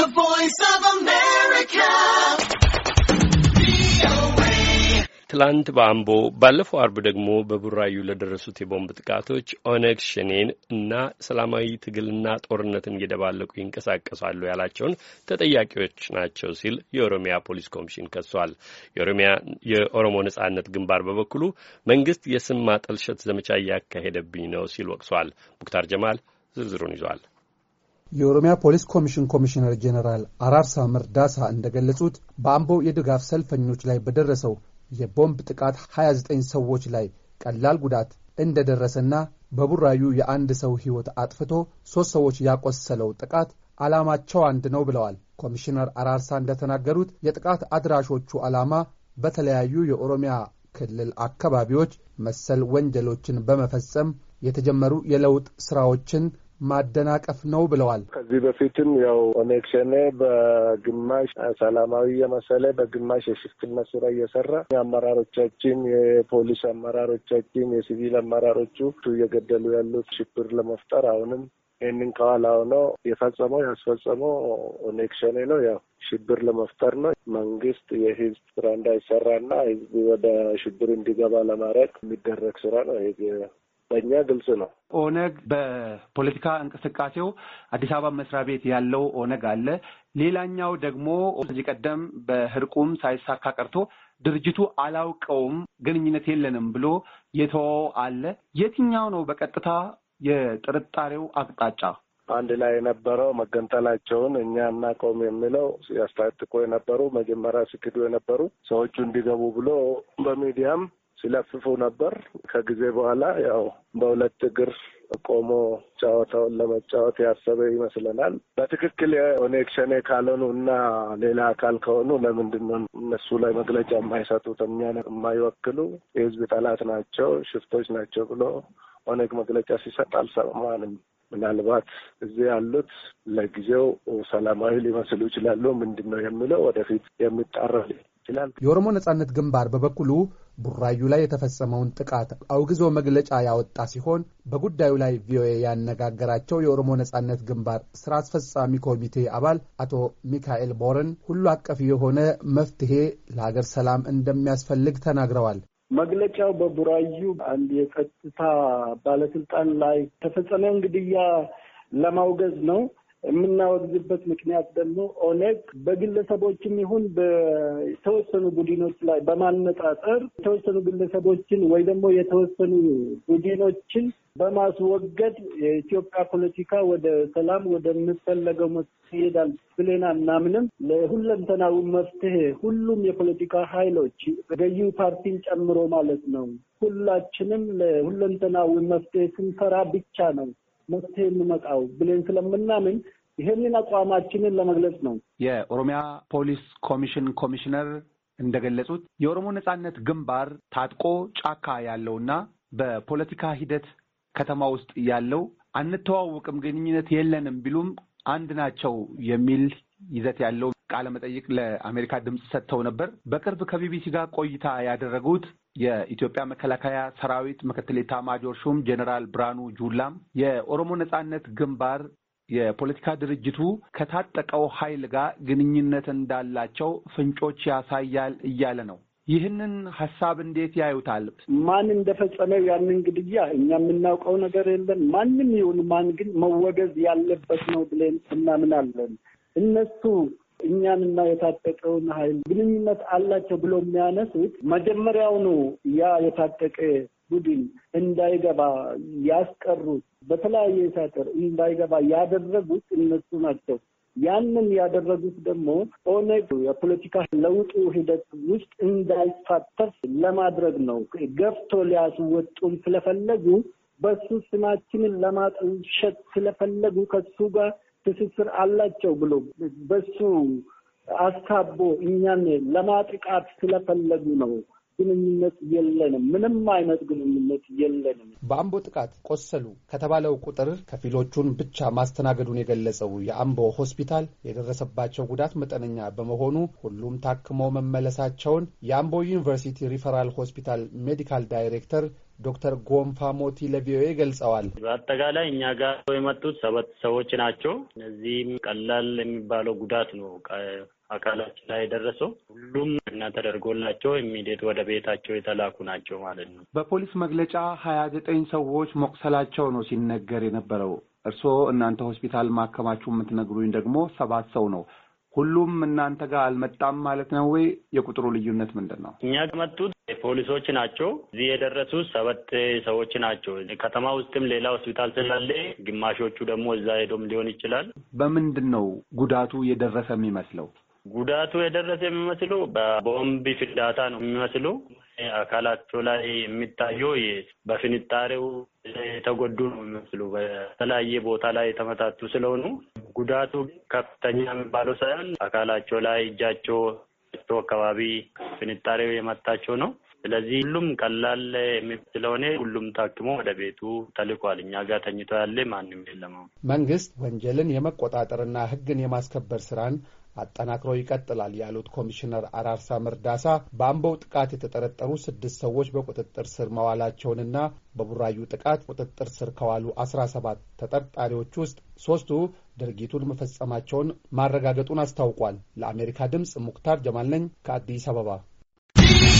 The Voice of America. ትላንት በአምቦ ባለፈው አርብ ደግሞ በቡራዩ ለደረሱት የቦምብ ጥቃቶች ኦነግ ሸኔን እና ሰላማዊ ትግልና ጦርነትን እየደባለቁ ይንቀሳቀሳሉ ያላቸውን ተጠያቂዎች ናቸው ሲል የኦሮሚያ ፖሊስ ኮሚሽን ከሷል። የኦሮሞ ነጻነት ግንባር በበኩሉ መንግስት የስም ማጠልሸት ዘመቻ እያካሄደብኝ ነው ሲል ወቅሷል። ሙክታር ጀማል ዝርዝሩን ይዟል። የኦሮሚያ ፖሊስ ኮሚሽን ኮሚሽነር ጄኔራል አራርሳ መርዳሳ እንደገለጹት በአምቦ የድጋፍ ሰልፈኞች ላይ በደረሰው የቦምብ ጥቃት 29 ሰዎች ላይ ቀላል ጉዳት እንደደረሰና በቡራዩ የአንድ ሰው ሕይወት አጥፍቶ ሦስት ሰዎች ያቆሰለው ጥቃት ዓላማቸው አንድ ነው ብለዋል። ኮሚሽነር አራርሳ እንደተናገሩት የጥቃት አድራሾቹ ዓላማ በተለያዩ የኦሮሚያ ክልል አካባቢዎች መሰል ወንጀሎችን በመፈጸም የተጀመሩ የለውጥ ሥራዎችን ማደናቀፍ ነው ብለዋል። ከዚህ በፊትም ያው ኦነግ ሸኔ በግማሽ ሰላማዊ የመሰለ በግማሽ የሽፍትነት ስራ እየሰራ አመራሮቻችን፣ የፖሊስ አመራሮቻችን፣ የሲቪል አመራሮቹ እየገደሉ ያሉት ሽብር ለመፍጠር አሁንም ይህንን ከኋላ ሆኖ የፈጸመው ያስፈጸመው ኦነግ ሸኔ ነው። ያው ሽብር ለመፍጠር ነው። መንግስት የህዝብ ስራ እንዳይሰራና ህዝብ ወደ ሽብር እንዲገባ ለማድረግ የሚደረግ ስራ ነው። በእኛ ግልጽ ነው። ኦነግ በፖለቲካ እንቅስቃሴው አዲስ አበባ መስሪያ ቤት ያለው ኦነግ አለ። ሌላኛው ደግሞ ከዚህ ቀደም በህርቁም ሳይሳካ ቀርቶ ድርጅቱ አላውቀውም፣ ግንኙነት የለንም ብሎ የተወው አለ። የትኛው ነው በቀጥታ የጥርጣሬው አቅጣጫ? አንድ ላይ የነበረው መገንጠላቸውን እኛ እናቀውም የሚለው ያስታጥቆ የነበሩ መጀመሪያ ሲክዱ የነበሩ ሰዎቹ እንዲገቡ ብሎ በሚዲያም ሲለፍፉ ነበር። ከጊዜ በኋላ ያው በሁለት እግር ቆሞ ጨዋታውን ለመጫወት ያሰበ ይመስለናል። በትክክል የኦኔክሸኔ ካልሆኑ እና ሌላ አካል ከሆኑ ለምንድን ነው እነሱ ላይ መግለጫ የማይሰጡት? እኛን የማይወክሉ የህዝብ ጠላት ናቸው፣ ሽፍቶች ናቸው ብሎ ኦኔግ መግለጫ ሲሰጥ አልሰማንም። ምናልባት እዚህ ያሉት ለጊዜው ሰላማዊ ሊመስሉ ይችላሉ። ምንድን ነው የሚለው ወደፊት የሚጣራ ይችላል። የኦሮሞ ነጻነት ግንባር በበኩሉ ቡራዩ ላይ የተፈጸመውን ጥቃት አውግዞ መግለጫ ያወጣ ሲሆን በጉዳዩ ላይ ቪኦኤ ያነጋገራቸው የኦሮሞ ነጻነት ግንባር ስራ አስፈጻሚ ኮሚቴ አባል አቶ ሚካኤል ቦረን ሁሉ አቀፍ የሆነ መፍትሄ ለሀገር ሰላም እንደሚያስፈልግ ተናግረዋል። መግለጫው በቡራዩ አንድ የጸጥታ ባለስልጣን ላይ ተፈጸመ ግድያ ለማውገዝ ነው። የምናወግዝበት ምክንያት ደግሞ ኦነግ በግለሰቦችም ይሁን በተወሰኑ ቡድኖች ላይ በማነጣጠር የተወሰኑ ግለሰቦችን ወይ ደግሞ የተወሰኑ ቡድኖችን በማስወገድ የኢትዮጵያ ፖለቲካ ወደ ሰላም ወደምፈለገው መስ ይሄዳል ብለን አናምንም። ለሁለንተናዊ መፍትሄ ሁሉም የፖለቲካ ኃይሎች ገዢው ፓርቲን ጨምሮ ማለት ነው ሁላችንም ለሁለንተናዊ መፍትሄ ስንሰራ ብቻ ነው መፍትሄ የምመጣው ብለን ስለምናምን ይህንን አቋማችንን ለመግለጽ ነው። የኦሮሚያ ፖሊስ ኮሚሽን ኮሚሽነር እንደገለጹት የኦሮሞ ነጻነት ግንባር ታጥቆ ጫካ ያለውና በፖለቲካ ሂደት ከተማ ውስጥ ያለው አንተዋውቅም፣ ግንኙነት የለንም ቢሉም አንድ ናቸው የሚል ይዘት ያለው ቃለ መጠይቅ ለአሜሪካ ድምፅ ሰጥተው ነበር። በቅርብ ከቢቢሲ ጋር ቆይታ ያደረጉት የኢትዮጵያ መከላከያ ሰራዊት ምክትል ኤታማዦር ሹም ጀኔራል ብርሃኑ ጁላም የኦሮሞ ነጻነት ግንባር የፖለቲካ ድርጅቱ ከታጠቀው ኃይል ጋር ግንኙነት እንዳላቸው ፍንጮች ያሳያል እያለ ነው። ይህንን ሀሳብ እንዴት ያዩታል? ማን እንደፈጸመው ያንን ግድያ እኛ የምናውቀው ነገር የለም። ማንም ይሁን ማን ግን መወገዝ ያለበት ነው ብለን እናምናለን። እነሱ እኛንና የታጠቀውን ኃይል ግንኙነት አላቸው ብሎ የሚያነሱት መጀመሪያውኑ ያ የታጠቀ ቡድን እንዳይገባ ያስቀሩት በተለያየ ሳጥር እንዳይገባ ያደረጉት እነሱ ናቸው። ያንን ያደረጉት ደግሞ ኦነግ የፖለቲካ ለውጡ ሂደት ውስጥ እንዳይሳተፍ ለማድረግ ነው። ገፍቶ ሊያስወጡን ስለፈለጉ በሱ ስማችንን ለማጠልሸት ስለፈለጉ ከሱ ጋር ትስስር አላቸው ብሎ በሱ አስታቦ እኛን ለማጥቃት ስለፈለጉ ነው። ግንኙነት የለንም፣ ምንም አይነት ግንኙነት የለንም። በአምቦ ጥቃት ቆሰሉ ከተባለው ቁጥር ከፊሎቹን ብቻ ማስተናገዱን የገለጸው የአምቦ ሆስፒታል የደረሰባቸው ጉዳት መጠነኛ በመሆኑ ሁሉም ታክሞ መመለሳቸውን የአምቦ ዩኒቨርሲቲ ሪፈራል ሆስፒታል ሜዲካል ዳይሬክተር ዶክተር ጎንፋ ሞቲ ለቪኦኤ ገልጸዋል። በአጠቃላይ እኛ ጋር የመጡት ሰባት ሰዎች ናቸው። እነዚህም ቀላል የሚባለው ጉዳት ነው አካላችን ላይ የደረሰው ሁሉም እና ተደርጎላቸው ኢሚዲየት ወደ ቤታቸው የተላኩ ናቸው ማለት ነው። በፖሊስ መግለጫ ሀያ ዘጠኝ ሰዎች መቁሰላቸው ነው ሲነገር የነበረው። እርስዎ እናንተ ሆስፒታል ማከማችሁ የምትነግሩኝ ደግሞ ሰባት ሰው ነው። ሁሉም እናንተ ጋር አልመጣም ማለት ነው ወይ? የቁጥሩ ልዩነት ምንድን ነው? እኛ ከመጡት ፖሊሶች ናቸው። እዚህ የደረሱ ሰበት ሰዎች ናቸው። ከተማ ውስጥም ሌላ ሆስፒታል ስላለ ግማሾቹ ደግሞ እዛ ሄዶም ሊሆን ይችላል። በምንድን ነው ጉዳቱ የደረሰ የሚመስለው? ጉዳቱ የደረሰ የሚመስሉ በቦምብ ፍንዳታ ነው የሚመስሉ አካላቸው ላይ የሚታየው በፍንጣሬው የተጎዱ ነው የሚመስሉ በተለያየ ቦታ ላይ የተመታቱ ስለሆኑ ጉዳቱ ከፍተኛ የሚባለው ሳይሆን አካላቸው ላይ እጃቸው አካባቢ ፍንጣሬው የመታቸው ነው። ስለዚህ ሁሉም ቀላል ስለሆነ ሁሉም ታክሞ ወደ ቤቱ ተልኳል። እኛ ጋር ተኝቶ ያለ ማንም የለም። መንግስት ወንጀልን የመቆጣጠርና ህግን የማስከበር ስራን አጠናክሮ ይቀጥላል ያሉት ኮሚሽነር አራርሳ መርዳሳ በአምቦው ጥቃት የተጠረጠሩ ስድስት ሰዎች በቁጥጥር ስር መዋላቸውንና በቡራዩ ጥቃት ቁጥጥር ስር ከዋሉ አስራ ሰባት ተጠርጣሪዎች ውስጥ ሶስቱ ድርጊቱን መፈጸማቸውን ማረጋገጡን አስታውቋል። ለአሜሪካ ድምፅ ሙክታር ጀማል ነኝ ከአዲስ አበባ